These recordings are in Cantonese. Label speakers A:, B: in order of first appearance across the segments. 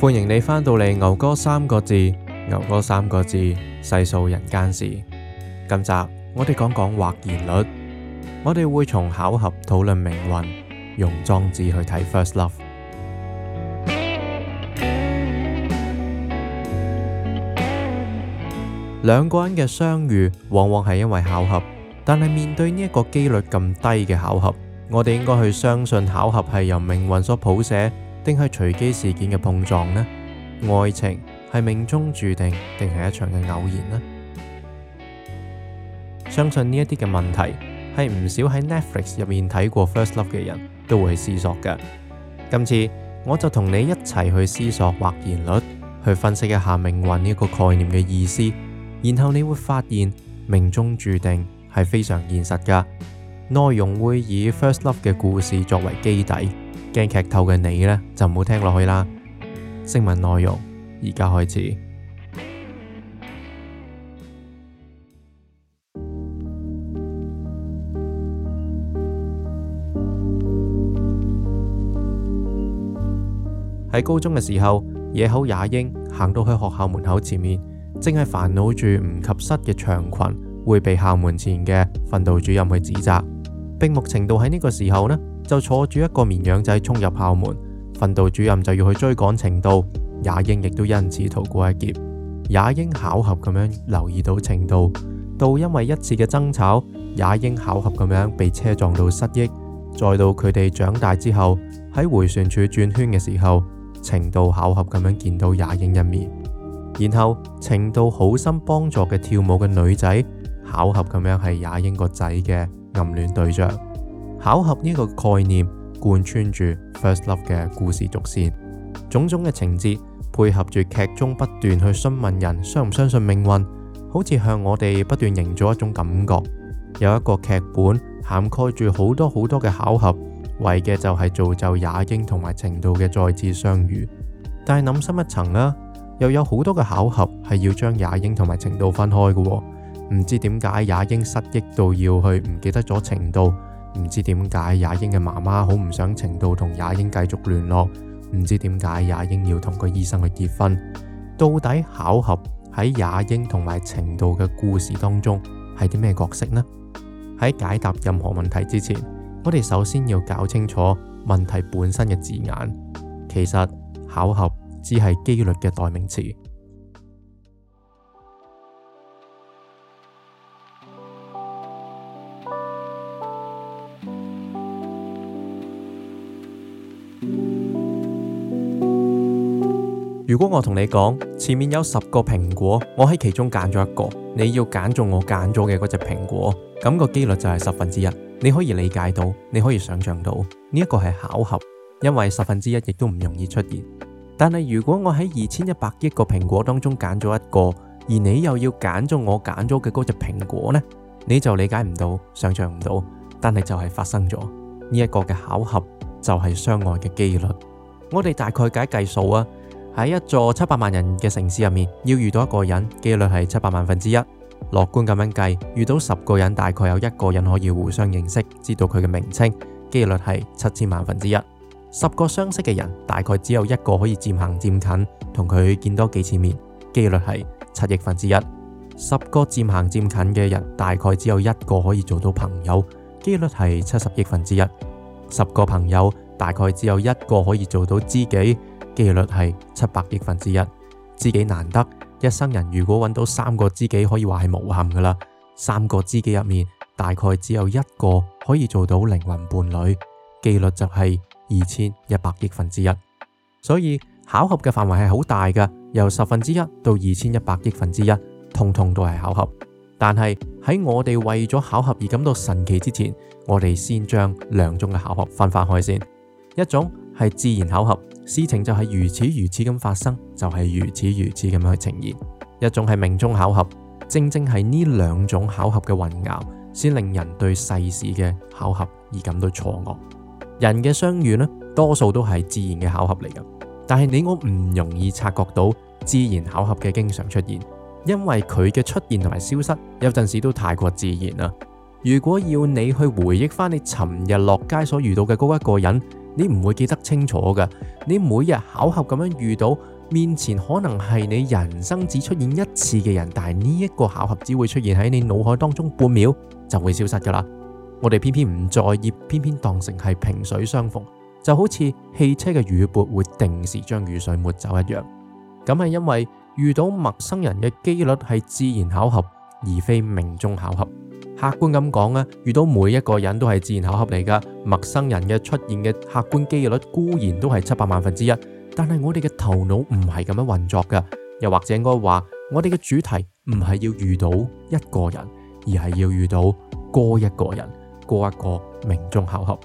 A: 歡迎你返到嚟，牛哥三個字，牛哥三個字，細數人間事。今集我哋講講或然率，我哋會從巧合討論命運，用莊子去睇 First Love。 兩個人嘅相遇，往往係因為巧合。但係面對呢一個機率咁低嘅巧合，我哋應該去相信巧合係由命運所譜寫，定係隨機事件嘅碰撞呢？愛情係命中注定定係一場嘅偶然呢？相信呢一啲嘅問題係唔少喺 Netflix 入面睇過《First Love》嘅人都會去思索嘅。今次我就同你一齊去思索或然率，去分析一下命運呢一個概念嘅意思，然後你會發現命中注定。係非常現實噶，內容會以 First Love 嘅故事作為基底。驚劇透嘅你呢，就唔好聽落去啦。正文內容而家開始。喺 高中嘅時候，野口也英行到去學校門口前面，正係煩惱住唔及膝嘅長裙。會被校門前嘅訓導主任去指責，並木程度喺呢個時候呢就坐住一個綿羊仔衝入校門，訓導主任就要去追趕程度，也英亦都因此逃過一劫。也英巧合咁樣留意到程度，到因為一次嘅爭吵，也英巧合咁樣被車撞到失憶，再到佢哋長大之後喺回旋處轉圈嘅時候，程度巧合咁樣見到也英一面，然後程度好心幫助嘅跳舞嘅女仔。巧合咁樣係雅英個仔嘅暗戀對象。巧合呢個概念貫穿住《First Love》嘅故事軸線，種種嘅情節配合住劇中不斷去詢問人相唔相信命運，好似向我哋不斷營造一種感覺。有一個劇本涵蓋住好多好多嘅巧合，為嘅就係造就雅英同埋程度嘅再次相遇。但係諗深一層啦，又有好多嘅巧合係要將雅英同埋程度分開嘅。唔知點解也英失憶到要去唔記得咗程度，唔知點解也英嘅媽媽好唔想程度同也英繼續聯絡，唔知點解也英要同個醫生去結婚，到底巧合喺也英同埋程度嘅故事當中係啲咩角色呢？喺解答任何問題之前，我哋首先要搞清楚問題本身嘅字眼。其實巧合只係幾率嘅代名詞。如果我同你講前面有十個蘋果，我喺其中揀咗一個，你要揀中我揀咗嘅嗰隻蘋果，咁、那個幾率就係十分之一。你可以理解到，你可以想象到呢一、這個係巧合，因為十分之一亦都唔容易出現。但係如果我喺二千一百億個蘋果當中揀咗一個，而你又要揀中我揀咗嘅嗰隻蘋果呢？你就理解唔到，想象唔到，但係就係發生咗呢一個嘅巧合，就係相愛嘅幾率。我哋大概解計數啊。喺一座七百萬人嘅城市入面，要遇到一個人，幾率係七百萬分之一。樂觀咁樣計，遇到十個人，大概有一個人可以互相認識，知道佢嘅名稱，幾率係七千萬分之一。十個相識嘅人，大概只有一個可以漸行漸近，同佢見多幾次面，幾率係七億分之一。十個漸行漸近嘅人，大概只有一個可以做到朋友，幾率係七十億分之一。十個朋友，大概只有一個可以做到知己。幾率係七百億分之一，知己難得，一生人如果搵到三個知己，可以話係無憾噶啦。三個知己入面，大概只有一個可以做到靈魂伴侶，幾率就係二千一百億分之一。所以巧合嘅範圍係好大噶，由十分之一到二千一百億分之一，通通都係巧合。但係喺我哋為咗巧合而感到神奇之前，我哋先將兩種嘅巧合分返開先，一種。係自然巧合，事情就係如此如此咁發生，就係、是、如此如此咁樣去呈現。一種係命中巧合，正正係呢兩種巧合嘅混淆，先令人對世事嘅巧合而感到錯愕。人嘅相遇呢，多數都係自然嘅巧合嚟㗎，但係你我唔容易察覺到自然巧合嘅經常出現，因為佢嘅出現同埋消失有陣時都太過自然啦。如果要你去回憶返，你尋日落街所遇到嘅嗰一個人。你唔會記得清楚嘅，你每日巧合咁樣遇到面前可能係你人生只出現一次嘅人，但係呢一個巧合只會出現喺你腦海當中半秒就會消失噶啦。我哋偏偏唔在意，偏偏當成係萍水相逢，就好似汽車嘅雨撥會定時將雨水抹走一樣。咁係因為遇到陌生人嘅機率係自然巧合，而非命中巧合。客觀咁講咧，遇到每一個人都係自然巧合嚟噶，陌生人嘅出現嘅客觀機率固然都係七百萬分之一，但係我哋嘅頭腦唔係咁樣運作㗎，又或者應該話我哋嘅主題唔係要遇到一個人，而係要遇到過一個人，過一個命中巧合。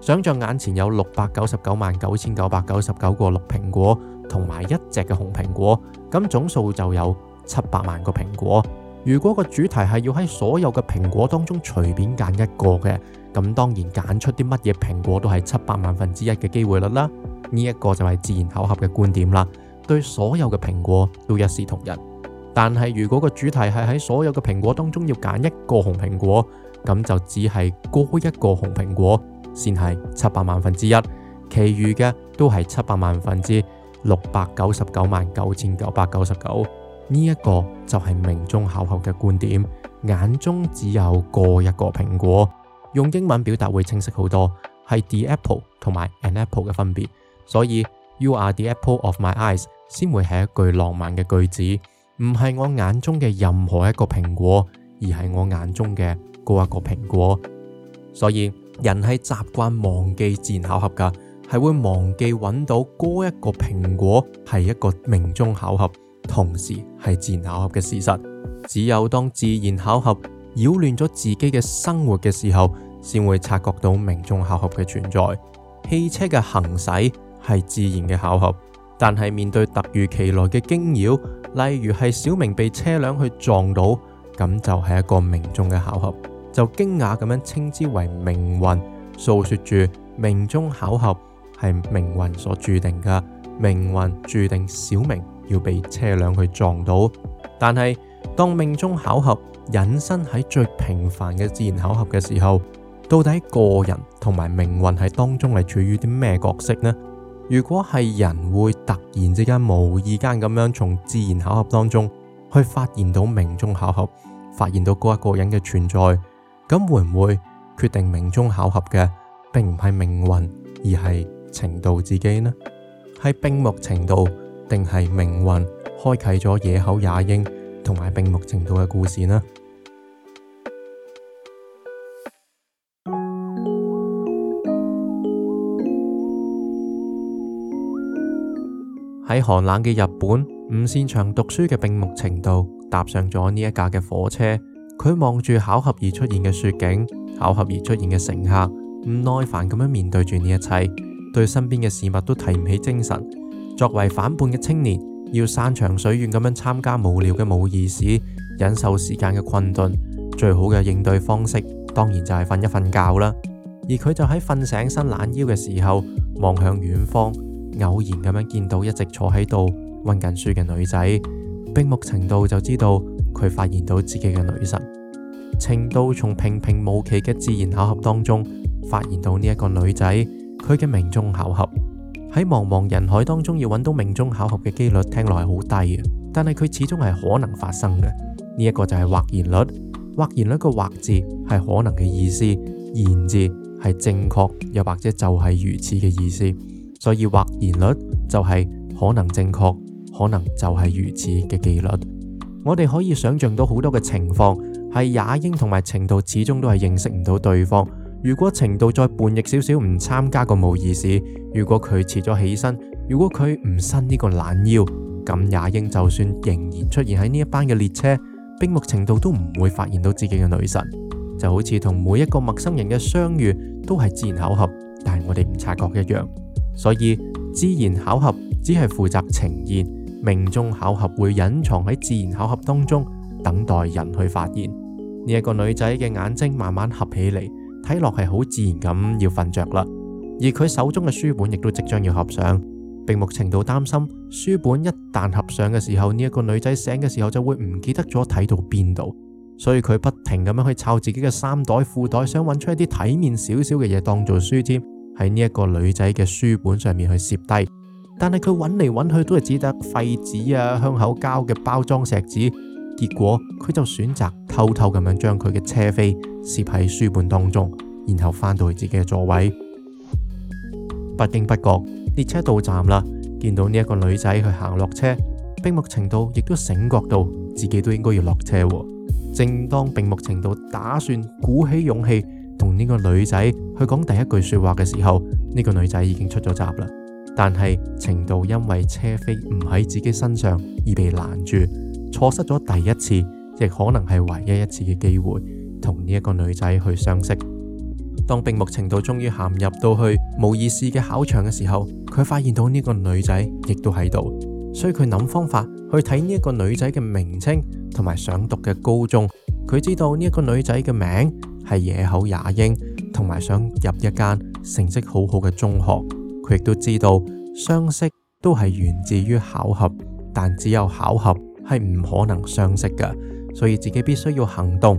A: 想象眼前有六百九十九萬九千九百九十九個綠蘋果，同埋一隻嘅紅蘋果，咁總數就有七百萬個蘋果。如果個主題係要喺所有嘅蘋果當中隨便揀一個嘅，咁當然揀出啲乜嘢蘋果都係七百萬分之一嘅機會率啦。呢一個就係自然巧合嘅觀點啦，對所有嘅蘋果都一視同仁。但係如果個主題係喺所有嘅蘋果當中要揀一個紅蘋果，咁就只係嗰一個紅蘋果先係七百萬分之一，其餘嘅都係七百萬分之六百九十九萬九千九百九十九。呢一個就係命中巧合嘅觀點，眼中只有嗰一個蘋果，用英文表達會清晰好多，係 the apple 同埋 an apple 嘅分別，所以 you are the apple of my eyes 先會係一句浪漫嘅句子，唔係我眼中嘅任何一個蘋果，而係我眼中嘅嗰一個蘋果。所以人係習慣忘記自然巧合㗎，係會忘記搵到嗰一個蘋果係一個命中巧合。同時係自然巧合嘅事實，只有當自然巧合擾亂咗自己嘅生活嘅時候，先會察覺到命中巧合嘅存在。汽車嘅行駛係自然嘅巧合，但係面對突如其來嘅驚擾，例如係小明被車輛去撞到，咁就係一個命中嘅巧合，就驚訝咁樣稱之為命運，訴說住命中巧合係命運所注定嘅，命運注定小明。要被車輛去撞到，但係當命中巧合隱身喺最平凡嘅自然巧合嘅時候，到底個人同埋命運喺當中係處於啲咩角色呢？如果係人會突然之間無意間咁樣從自然巧合當中去發現到命中巧合，發現到嗰一個人嘅存在，咁會唔會決定命中巧合嘅，並唔係命運，而係程度自己呢？係並冇程度。定係命運開啟咗野口也英同埋並木晴道嘅故事呢？喺 寒冷嘅日本，唔擅長讀書嘅並木晴道搭上咗呢一架嘅火車，佢望住巧合而出現嘅雪景，巧合而出現嘅乘客，唔耐煩咁樣面對住呢一切，對身邊嘅事物都提唔起精神。作為反叛嘅青年，要山長水遠咁樣參加無聊嘅舞儀式，忍受時間嘅困頓，最好嘅應對方式當然就係瞓一瞓覺啦。而佢就喺瞓醒伸懶腰嘅時候，望向遠方，偶然咁樣見到一直坐喺度温緊書嘅女仔，並木晴道就知道佢發現到自己嘅女神。晴道從平平無奇嘅自然巧合當中，發現到呢一個女仔，佢嘅命中巧合。喺茫茫人海當中要揾到命中巧合嘅幾率，聽落係好低嘅，但係佢始終係可能發生嘅。呢、這、一個就係或然率，或然率個或字係可能嘅意思，然字係正確又或者就係如此嘅意思。所以或然率就係可能正確，可能就係如此嘅幾率。我哋可以想象到好多嘅情況係也應同埋程度始終都係認識唔到對方。如果程度再叛逆少少，唔參加個模擬試。如果佢遲咗起身，如果佢唔伸呢個懶腰，咁也英就算仍然出現喺呢一班嘅列車，冰木程度都唔會發現到自己嘅女神。就好似同每一個陌生人嘅相遇都係自然巧合，但係我哋唔察覺一樣。所以自然巧合只係負責呈現，命中巧合會隱藏喺自然巧合當中，等待人去發現。呢一個女仔嘅眼睛慢慢合起嚟。睇落係好自然咁要瞓着啦，而佢手中嘅書本亦都即將要合上。並木晴道擔心書本一旦合上嘅時候，呢一個女仔醒嘅時候就會唔記得咗睇到邊度，所以佢不停咁樣去抄自己嘅衫袋、褲袋，想揾出一啲體面少少嘅嘢，當做書籤，喺呢一個女仔嘅書本上面去攝低。但係佢揾嚟揾去都係只得廢紙啊、香口膠嘅包裝錫紙。結果佢就選擇偷偷咁樣將佢嘅車飛攝喺書本當中，然後翻到自己嘅座位。 不經不覺，列車到站啦，見到呢一個女仔去行落車，並木程度亦都醒覺到自己都應該要落車。正當並木程度打算鼓起勇氣同呢個女仔去講第一句說話嘅時候，呢、呢個女仔已經出咗閘啦。但係程度因為車飛唔喺自己身上而被攔住。錯失咗第一次，亦可能係唯一一次嘅機會，同呢一個女仔去相識。當並木晴道終於陷入到去無意思嘅考場嘅時候，佢發現到呢個女仔亦都喺度，所以佢諗方法去睇呢一個女仔嘅名稱同埋想讀嘅高中。佢知道呢一個女仔嘅名係野口也英，同埋想入一間成績好好嘅中學。佢亦都知道相識都係源自於巧合，但只有巧合，係唔可能相識嘅，所以自己必須要行動。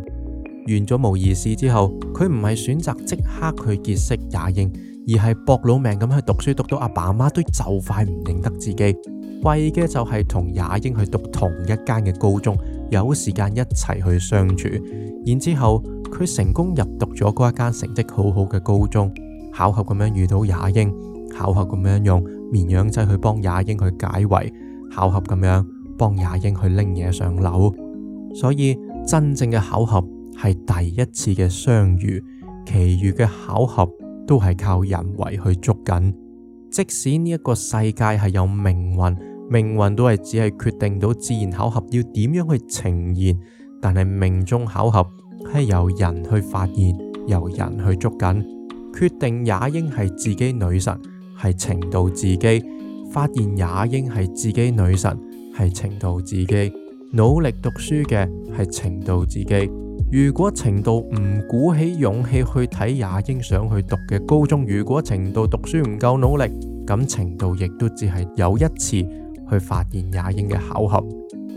A: 完咗無意識之後，佢唔係選擇即刻去結識雅英，而係搏老命咁去讀書，讀到阿爸阿媽都就快唔認得自己，為嘅就係同雅英去讀同一間嘅高中，有時間一齊去相處。然之後佢成功入讀咗嗰一間成績好好嘅高中，巧合咁樣遇到雅英，巧合咁樣用綿羊仔去幫雅英去解圍，巧合咁樣。幫也英去拎嘢上樓，所以真正嘅巧合係第一次嘅相遇，其餘嘅巧合都係靠人為去捉緊。即使呢一個世界係有命運，命運都係只係決定到自然巧合要點樣去呈現，但係命中巧合係由人去發現，由人去捉緊。決定也英係自己女神，係晴道自己發現也英係自己女神。係程度自己努力讀書嘅，係程度自己。如果程度唔鼓起勇氣去睇，也英想去讀嘅高中；如果程度讀書唔夠努力，咁程度亦都只係有一次去發現也英嘅巧合。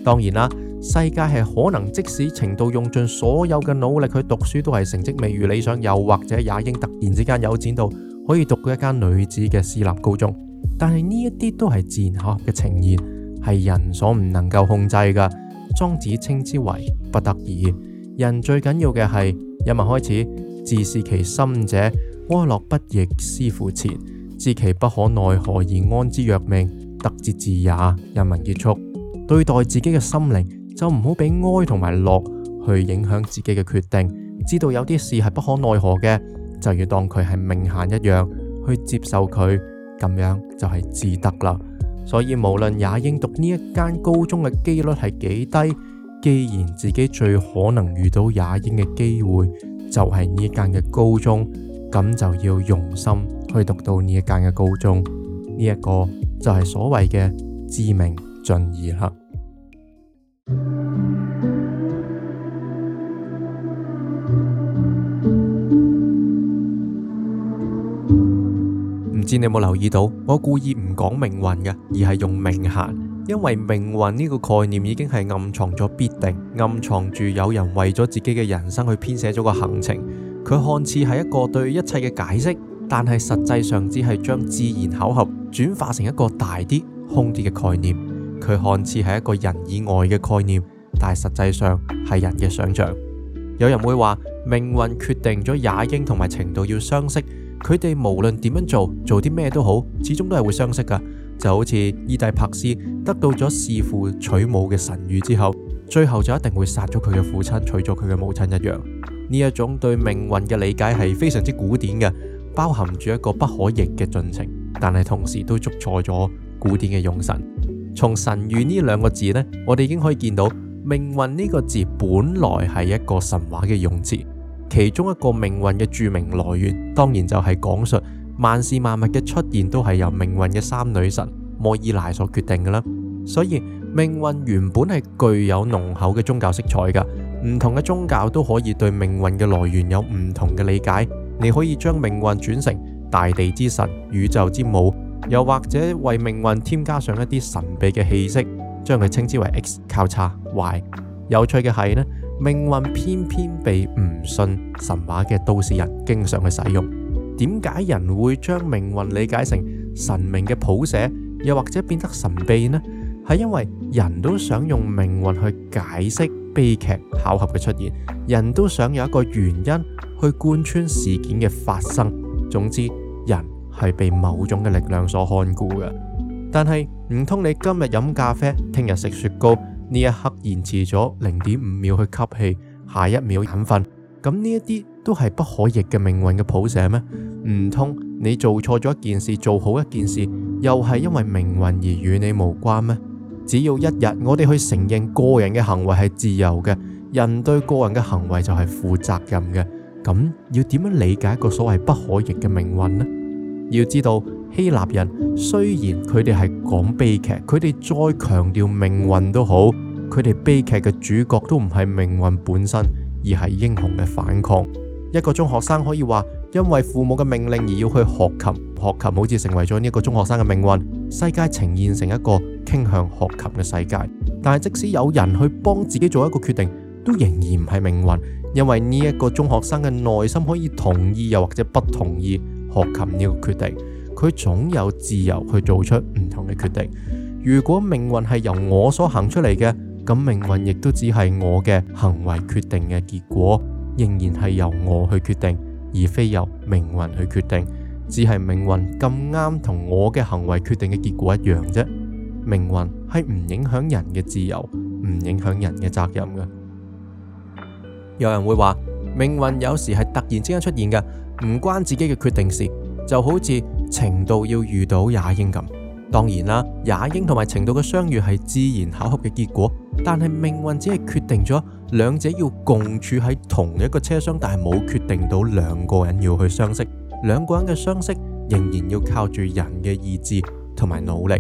A: 當然啦，世界係可能即使程度用盡所有嘅努力去讀書，都係成績未如理想，又或者也英突然之間有錢到可以讀嗰一間女子嘅私立高中。但係呢一啲都係自然巧合嘅呈現。係人所唔能夠控制㗎，莊子稱之為不得已。人最緊要嘅係，引文開始，自視其心者，哀樂不亦思乎前？前知其不可奈何而安之若命，得之至也。引文結束，對待自己嘅心靈就唔好俾哀同埋樂去影響自己嘅決定。知道有啲事係不可奈何嘅，就要當佢係命限一樣去接受佢，咁樣就係至得啦。所以無論也英讀呢一間高中嘅幾率係幾低，既然自己最可能遇到也英嘅機會就係呢間嘅高中，咁就要用心去讀到呢一間嘅高中，呢、這、一個就係所謂嘅知命盡義。 知你有冇留意到，我故意唔講命運嘅，而係用命限，因為命運呢個概念已經係暗藏咗必定，暗藏住有人為咗自己嘅人生去編寫咗個行程。佢看似係一個對一切嘅解釋，但係實際上只係將自然巧合轉化成一個大啲、空啲嘅概念。佢看似係一個人以外嘅概念，但係實際上係人嘅想象。有人會話命運決定咗，也應同埋程度要相識。佢哋無論點樣做，做啲咩都好，始終都係會相識噶就好似伊底帕斯得到咗弑父娶母嘅神諭之後，最後就一定會殺咗佢嘅父親，娶咗佢嘅母親一樣。呢一種對命運嘅理解係非常之古典嘅，包含住一個不可逆嘅進程。但係同時都捉錯咗古典嘅用神。從神諭呢兩個字呢，我哋已經可以見到命運呢個字本來係一個神話嘅用詞。其中一個命運嘅著名來源，當然就係講述萬事萬物嘅出現都係由命運嘅三女神莫伊拉所決定嘅啦。所以命運原本係具有濃厚嘅宗教色彩噶，唔同嘅宗教都可以對命運嘅來源有唔同嘅理解。你可以將命運轉成大地之神、宇宙之母，又或者為命運添加上一啲神秘嘅氣息，將佢稱之為 X 交叉 Y。有趣嘅係呢。命運偏偏被唔信神話嘅都市人經常去使用，點解人會將命運理解成神明嘅譜寫，又或者變得神秘呢？係因為人都想用命運去解釋悲劇巧合嘅出現，人都想有一個原因去貫穿事件嘅發生。總之，人係被某種嘅力量所看顧嘅。但係唔通你今日飲咖啡，聽日食雪糕？呢一刻延遲咗零點五秒去吸氣，下一秒眼瞓，咁呢一啲都係不可逆嘅命運嘅譜寫咩？唔通你做錯咗一件事，做好一件事，又係因為命運而與你無關咩？只要一日我哋去承認個人嘅行為係自由嘅，人對個人嘅行為就係負責任嘅，咁要點樣理解一個所謂不可逆嘅命運呢？要知道。希臘人雖然佢哋係講悲劇，佢哋再強調命運都好，佢哋悲劇嘅主角都唔係命運本身，而係英雄嘅反抗。一個中學生可以話，因為父母嘅命令而要去學琴，學琴好似成為咗呢一個中學生嘅命運。世界呈現成一個傾向學琴嘅世界，但係即使有人去幫自己做一個決定，都仍然唔係命運，因為呢一個中學生嘅內心可以同意又或者不同意學琴呢個決定。佢總有自由去做出唔同嘅決定。如果命運係由我所行出嚟嘅，咁命運亦都只係我嘅行為決定嘅結果，仍然係由我去決定，而非由命運去決定。只係命運咁啱同我嘅行為決定嘅結果一樣啫。命運係唔影響人嘅自由，唔影響人嘅責任嘅。有人會話命運有時係突然之間出現嘅，唔關自己嘅決定事，就好似。晴道要遇到也英咁，當然啦，也英同埋晴道嘅相遇係自然巧合嘅結果，但係命運只係決定咗兩者要共處喺同一個車廂，但係冇決定到兩個人要去相識。兩個人嘅相識仍然要靠住人嘅意志同埋努力。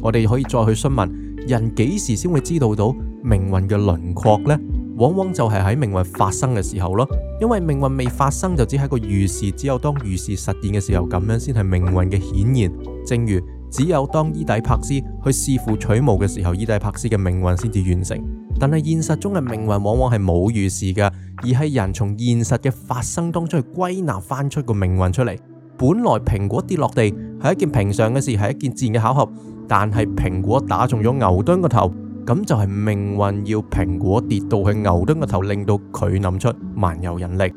A: 我哋可以再去詢問，人幾時先會知道到命運嘅輪廓呢？往往就係喺命運發生嘅時候咯，因為命運未發生就只係個預示，只有當預示實現嘅時候，咁樣先係命運嘅顯現。正如只有當伊底帕斯去弒父娶母嘅時候，伊底帕斯嘅命運先至完成。但係現實中嘅命運往往係冇預示嘅，而係人從現實嘅發生當中去歸納翻出個命運出嚟。本來蘋果跌落地係一件平常嘅事，係一件自然嘅巧合，但係蘋果打中咗牛頓個頭。咁就係命運要蘋果跌到去牛頓嘅頭，令到佢諗出萬有引力。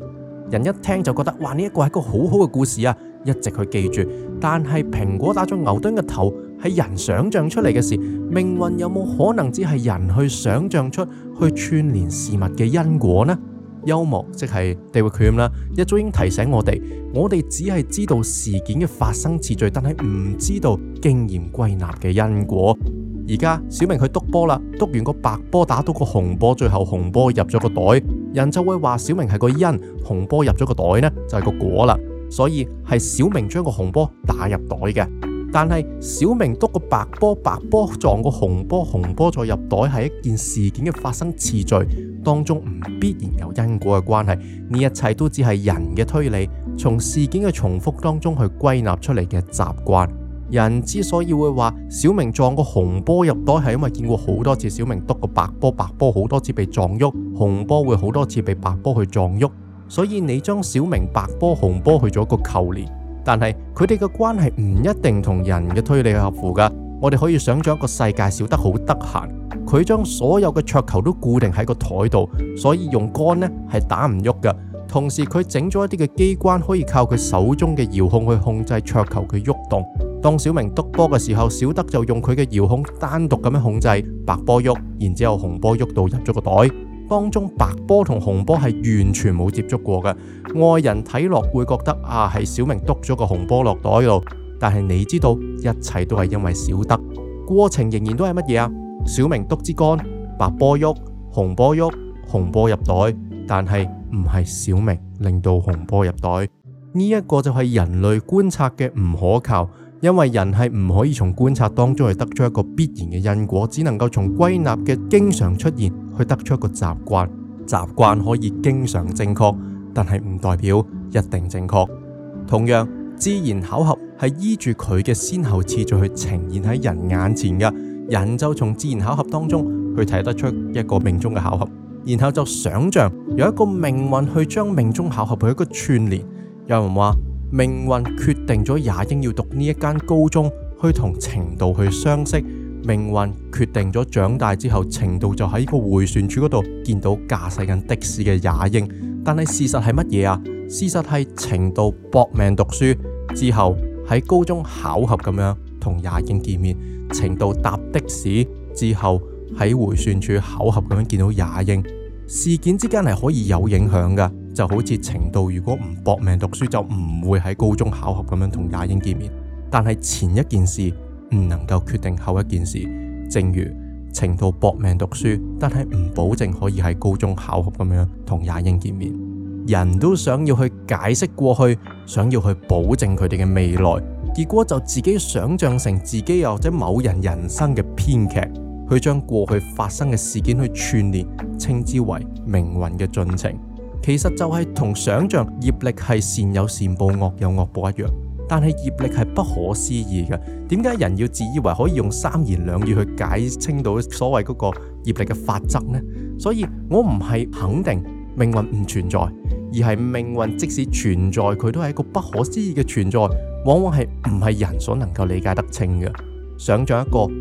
A: 人一聽就覺得，哇！呢一個係一個好好嘅故事啊，一直去記住。但係蘋果打咗牛頓嘅頭，係人想象出嚟嘅事，命運有冇可能只係人去想象出去串聯事物嘅因果呢？幽默即係地域局限啦，一早已經提醒我哋，我哋只係知道事件嘅發生次序，但係唔知道經驗歸納嘅因果。而家小明去督波啦，督完個白波打到個紅波，最後紅波入咗個袋，人就會話小明係個因，紅波入咗個袋呢就係個果啦，所以係小明將個紅波打入袋嘅。但係小明篤個白波，白波撞個紅波，紅波再入袋，係一件事件嘅發生次序，當中唔必然有因果嘅關係，呢一切都只係人嘅推理，從事件嘅重複當中去歸納出嚟嘅習慣。人之所以會話小明撞個紅波入袋，係因為見過好多次小明篤個白波，白波好多次被撞喐，紅波會好多次被白波去撞喐，所以你將小明、白波、紅波去咗個扣連。但係佢哋嘅關係唔一定同人嘅推理合符噶。我哋可以想象一個世界小德，小德好得閒。佢將所有嘅桌球都固定喺個台度，所以用桿呢係打唔喐噶。同時佢整咗一啲嘅機關，可以靠佢手中嘅遙控去控制桌球嘅喐動。當小明篤波嘅時候，小德就用佢嘅遙控單獨咁樣控制白波喐，然之後紅波喐到入咗個袋。當中白波同紅波係完全冇接觸過嘅，外人睇落會覺得啊係小明篤咗個紅波落袋度，但係你知道一切都係因為小德，過程仍然都係乜嘢啊？小明篤支杆，白波喐，紅波喐，紅波入袋，但係唔係小明令到紅波入袋，呢、這、一個就係人類觀察嘅唔可靠。因為人係唔可以從觀察當中去得出一個必然嘅因果，只能夠從歸納嘅經常出現去得出一個習慣。習慣可以經常正確，但係唔代表一定正確。同樣，自然巧合係依住佢嘅先後次序去呈現喺人眼前嘅，人就從自然巧合當中去睇得出一個命中嘅巧合，然後就想象有一個命運去將命中巧合去一個串聯。有人話。命運決定咗也英要讀呢一間高中，去同程度去相識。命運決定咗長大之後，程度就喺個回旋處嗰度見到駕駛緊的士嘅也英。但係事實係乜嘢啊？事實係程度搏命讀書之後喺高中巧合咁樣同也英見面，程度搭的士之後喺回旋處巧合咁樣見到也英。事件之間係可以有影響噶。就好似晴道，如果唔搏命讀書，就唔會喺高中巧合咁樣同也英見面。但係前一件事唔能夠決定後一件事，正如晴道搏命讀書，但係唔保證可以喺高中巧合咁樣同也英見面。人都想要去解釋過去，想要去保證佢哋嘅未來，結果就自己想象成自己又或者某人人生嘅編劇，去將過去發生嘅事件去串聯，稱之為命運嘅進程。其實就係同想象業力係善有善報、惡有惡報一樣，但係業力係不可思議嘅。點解人要自以為可以用三言兩語去解清到所謂嗰個業力嘅法則呢？所以我唔係肯定命運唔存在，而係命運即使存在，佢都係一個不可思議嘅存在，往往係唔係人所能夠理解得清嘅。想象一個唔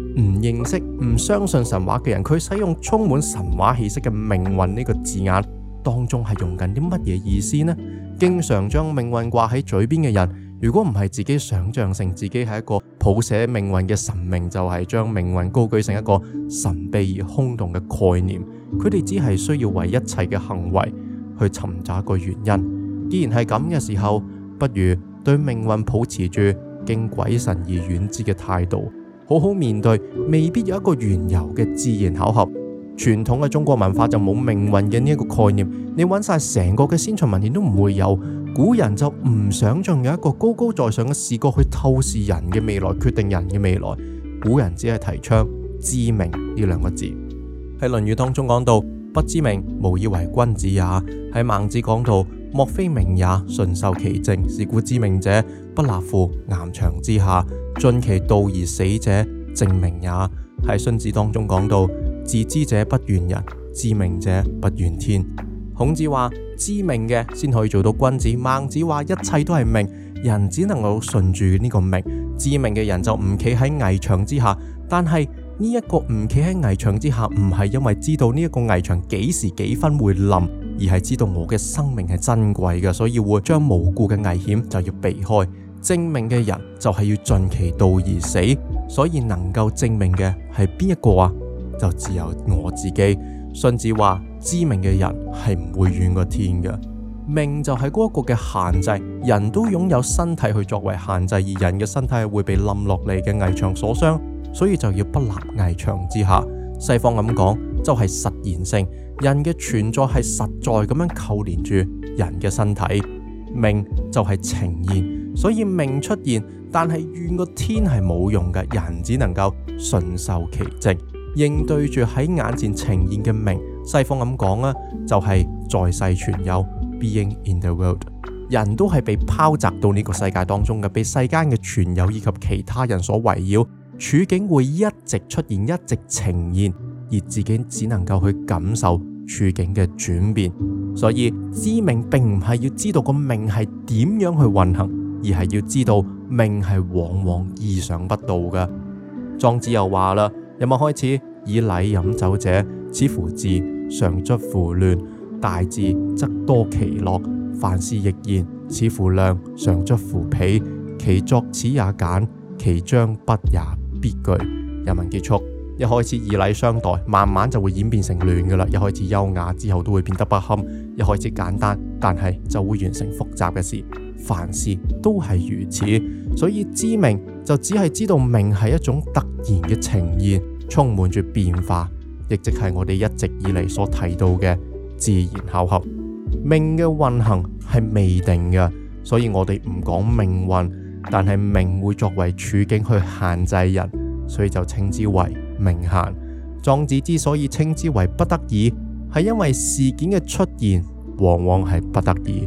A: 認識、唔相信神話嘅人，佢使用充滿神話氣息嘅命運呢個字眼，當中係用緊啲乜嘢意思呢？經常將命運掛喺嘴邊嘅人，如果唔係自己想象成自己係一個譜寫命運嘅神明，就係將命運高舉成一個神秘而空洞嘅概念。佢哋只係需要為一切嘅行為去尋找一個原因。既然係咁嘅時候，不如對命運保持住敬鬼神而遠之嘅態度，好好面對未必有一個緣由嘅自然巧合。傳統嘅中國文化就冇命運嘅呢一個概念，你揾晒成個嘅先秦文獻都唔會有。古人就唔想象有一個高高在上嘅視角去透視人嘅未來，決定人嘅未來。古人只係提倡知命呢兩個字。喺《論語》當中講到：不知命無以為君子也。喺孟子講到：莫非命也，順受其正。是故知命者不立乎岩牆之下，盡其道而死者，正命也。喺荀子當中講到。自知者不怨人，知命者不怨天。孔子話：知命嘅先可以做到君子。孟子話：一切都係命，人只能夠順住呢個命。知命嘅人就唔企喺危牆之下。但係呢一個唔企喺危牆之下，唔係因為知道呢一個危牆幾時幾分會冧，而係知道我嘅生命係珍貴嘅，所以會將無故嘅危險就要避開。正命嘅人就係要盡其道而死，所以能夠正命嘅係邊一個啊？就只有我自己，荀子話知命嘅人係唔會怨個天嘅。
B: 命就係
A: 嗰一個嘅限制。人都擁有身體去作為限制，而人嘅身體會被冧落嚟嘅危牆所傷，所以就要不立危牆之下。西方咁講就係、是、實然性，人嘅存在係實在咁樣扣連住人嘅身體。命就係呈現，所以命出現，但係怨個天係冇用嘅，人只能夠順受其正。應對住喺眼前呈現嘅命，西方咁講啊，就係、是、在世存有 being in the world。人都係被拋擲到呢個世界當中嘅，被世間嘅存有以及其他人所圍繞，處境會一直出現，一直呈現，而自己只能夠去感受處境嘅轉變。所以知命並唔係要知道個命係點樣去運行，而係要知道命係往往意想不到嘅。莊子又話啦。人民開始以禮飲酒者，始乎治，常卒乎亂；大至則多奇樂，凡事亦然。始乎諒，常卒乎鄙，其作始也簡，其將畢也必巨。人民結束，一開始以禮相待，慢慢就會演變成亂噶啦。一開始優雅之後都會變得不堪，一開始簡單，但係就會完成複雜嘅事。凡事都係如此，所以知命就只係知道命係一種突然嘅呈現，充滿住變化，亦即係我哋一直以嚟所提到嘅自然巧合。命嘅運行係未定嘅，所以我哋唔講命運，但係命會作為處境去限制人，所以就稱之為命限。莊子之所以稱之為不得已，係因為事件嘅出現往往係不得已。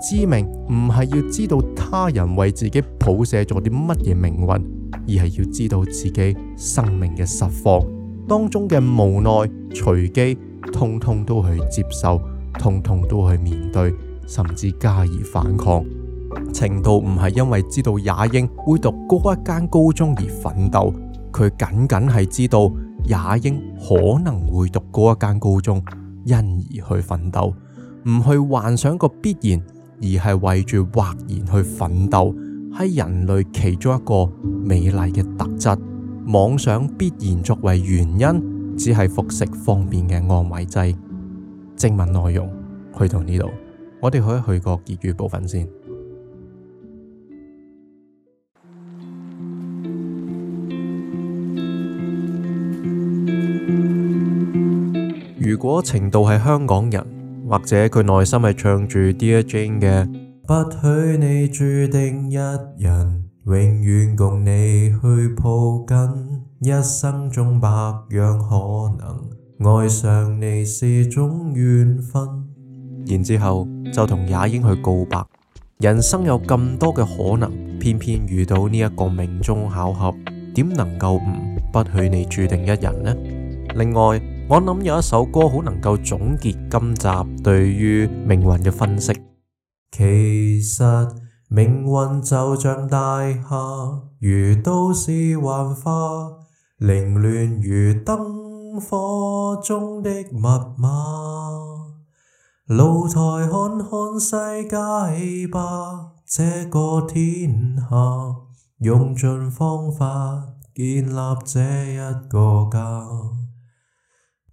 A: 知命唔係要知道他人為自己譜寫咗啲乜嘢命運，而係要知道自己生命嘅實況當中嘅無奈、隨機，通通都去接受，通通都去面對，甚至加以反抗。晴道唔係因為知道也英會讀嗰一間高中而奮鬥，佢僅僅係知道也英可能會讀嗰一間高中，因而去奮鬥，唔去幻想個必然。而係為住畫然去奮鬥，係人類其中一個美麗嘅特質。妄想必然作為原因，只係服食方便嘅安慰劑。正文內容去到呢度，我哋可以去個粵語部分先。如果程度係香港人。或者佢內心係唱住 Dear Jane 嘅，
B: 不許你注定一人，永遠共你去抱緊，一生中百樣可能，愛上你是種緣分。
A: 然之後就同也英去告白，人生有咁多嘅可能，偏偏遇到呢一個命中巧合，點能夠唔不許你注定一人呢？另外。我諗有一首歌好能夠總結今集對於命運嘅分析。其實
B: 命運就像大廈，如都市幻化，凌亂如燈火中的密碼。
A: 露
B: 台看看世界吧，這個天下，用盡方法建立這一個家。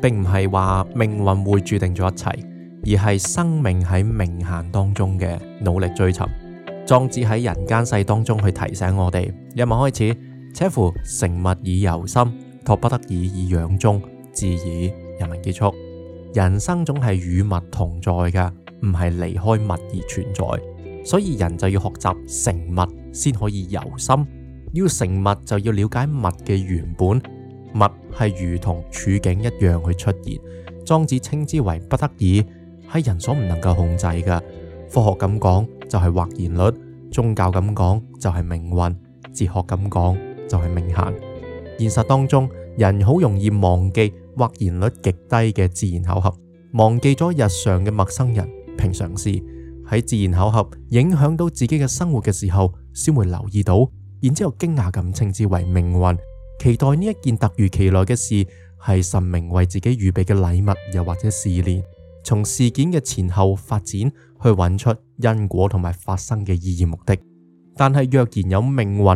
A: 並唔係話命運會注定咗一切，而係生命喺命限當中嘅努力追尋，莊子喺人間世當中去提醒我哋：一文開始，且乎成物以由心，託不得已以養中，至以人民結束，人生總係與物同在嘅，唔係離開物而存在。所以人就要學習成物，先可以由心。要成物，就要了解物嘅原本。物係如同處境一樣去出現，莊子稱之為不得已，係人所唔能夠控制嘅。科學咁講就係或然率，宗教咁講就係命運，哲學咁講就係命限。現實當中，人好容易忘記或然率極低嘅自然巧合，忘記咗日常嘅陌生人、平常事喺自然巧合影響到自己嘅生活嘅時候，先會留意到，然之後驚訝咁稱之為命運。期待呢一件突如其來嘅事，係神明為自己預備嘅禮物，又或者試煉。從事件嘅前後發展去揾出因果同埋發生嘅意義目的。但係若然有命運，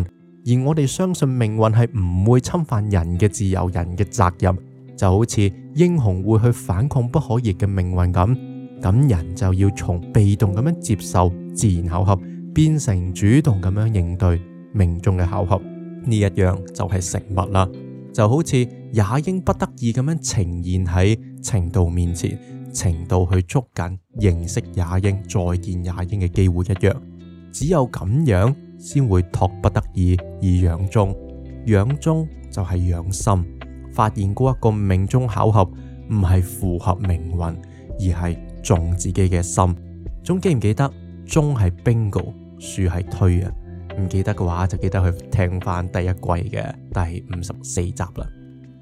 A: 而我哋相信命運係唔會侵犯人嘅自由，人嘅責任就好似英雄會去反抗不可逆嘅命運咁，咁人就要從被動咁樣接受自然巧合，變成主動咁樣應對命中嘅巧合。呢一樣就係食物啦，就好似也英不得已咁樣呈現喺晴道面前，晴道去捉緊認識也英、再見也英嘅機會一樣。只有咁樣，先會託不得已而養中。養中就係養心，發現嗰一個命中巧合唔係符合命運，而係中自己嘅心。仲記唔記得中係 bingo，樹係推啊？唔記得嘅話就記得去聽翻第一季嘅第五十四集啦。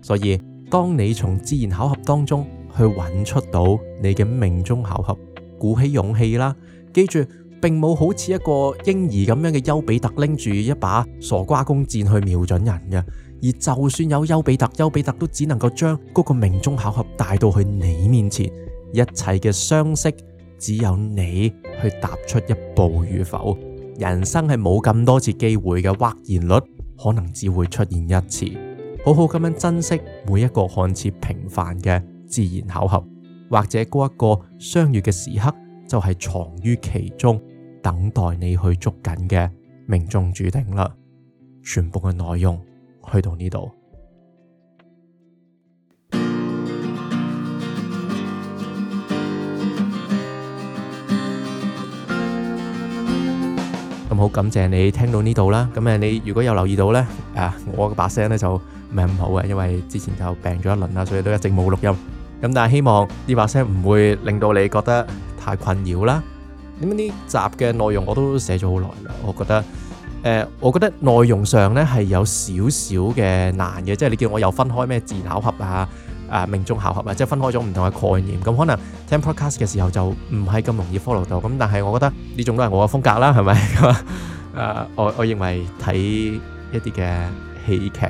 A: 所以當你從自然巧合當中去揾出到你嘅命中巧合，鼓起勇氣啦。記住，並冇好似一個嬰兒咁樣嘅丘比特拎住一把傻瓜弓箭去瞄準人嘅。而就算有丘比特，丘比特都只能夠將嗰個命中巧合帶到去你面前。一切嘅相識，只有你去踏出一步與否。人生係冇咁多次機會嘅，或然率可能只會出現一次。好好咁樣珍惜每一個看似平凡嘅自然巧合，或者嗰一個相遇嘅時刻就係藏於其中，等待你去捉緊嘅命中註定啦。全部嘅內容去到呢度。咁好，感謝你聽到呢度啦。咁誒，你如果有留意到呢，啊，我個把聲呢就唔係咁好嘅，因為之前就病咗一輪啦，所以都一直冇錄音。咁但係希望呢把聲唔會令到你覺得太困擾啦。咁呢集嘅內容我都寫咗好耐啦，我覺得誒、呃，我覺得內容上呢係有少少嘅難嘅，即係你見我又分開咩自然巧合啊。啊，命中巧合啊，即係分開咗唔同嘅概念，咁可能聽 podcast 嘅時候就唔係咁容易 follow 到，咁但係我覺得呢種都係我嘅風格啦，係咪？誒、 啊，我我認為睇一啲嘅戲劇，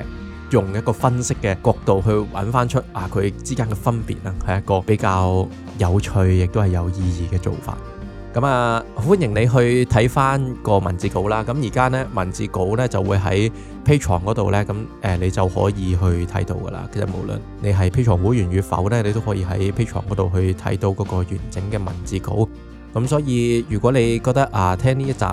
A: 用一個分析嘅角度去揾翻出啊佢之間嘅分別，係一個比較有趣，亦都係有意義嘅做法。咁啊，歡迎你去睇翻、呃個,啊啊、個文字稿啦。咁而家呢，文字稿呢就會喺 Patreon 嗰度呢。咁誒你就可以去睇到噶啦。其實無論你係 Patreon 會員與否呢，你都可以喺 Patreon 嗰度去睇到嗰個完整嘅文字稿。咁所以如果你覺得啊聽呢一集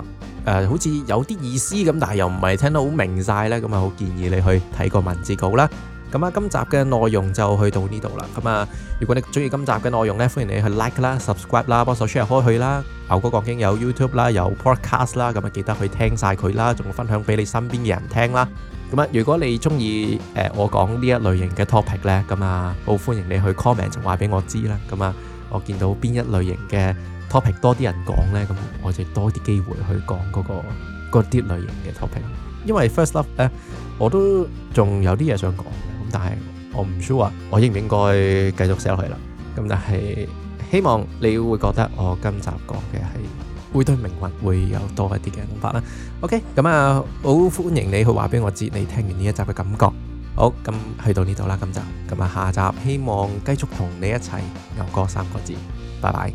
A: 誒好似有啲意思咁，但係又唔係聽得好明晒呢，咁啊好建議你去睇個文字稿啦。咁啊，今集嘅內容就去到呢度啦。咁啊，如果你中意今集嘅內容呢，歡迎你去 like 啦、subscribe 啦、幫手 share 開去啦。牛哥講經有 YouTube 啦，有 podcast 啦，咁啊記得去聽晒佢啦，仲分享俾你身邊嘅人聽啦。咁啊，如果你中意誒我講呢一類型嘅 topic 呢，咁啊好歡迎你去 comment，話俾我知啦。咁啊，我見到邊一類型嘅 topic 多啲人講呢，咁我就多啲機會去講嗰個嗰啲類型嘅 topic。因為 First Love 咧，我都仲有啲嘢想講。但係我唔 sure，我應唔應該繼續寫落去啦？咁但係希望你會覺得我今集講嘅係會對命運會有多一啲嘅諗法啦。OK，咁啊，好歡迎你去話俾我知你聽完呢一集嘅感覺。好，咁去到呢度啦，今集，咁啊，下集希望繼續同你一齊。牛哥三個字，拜拜。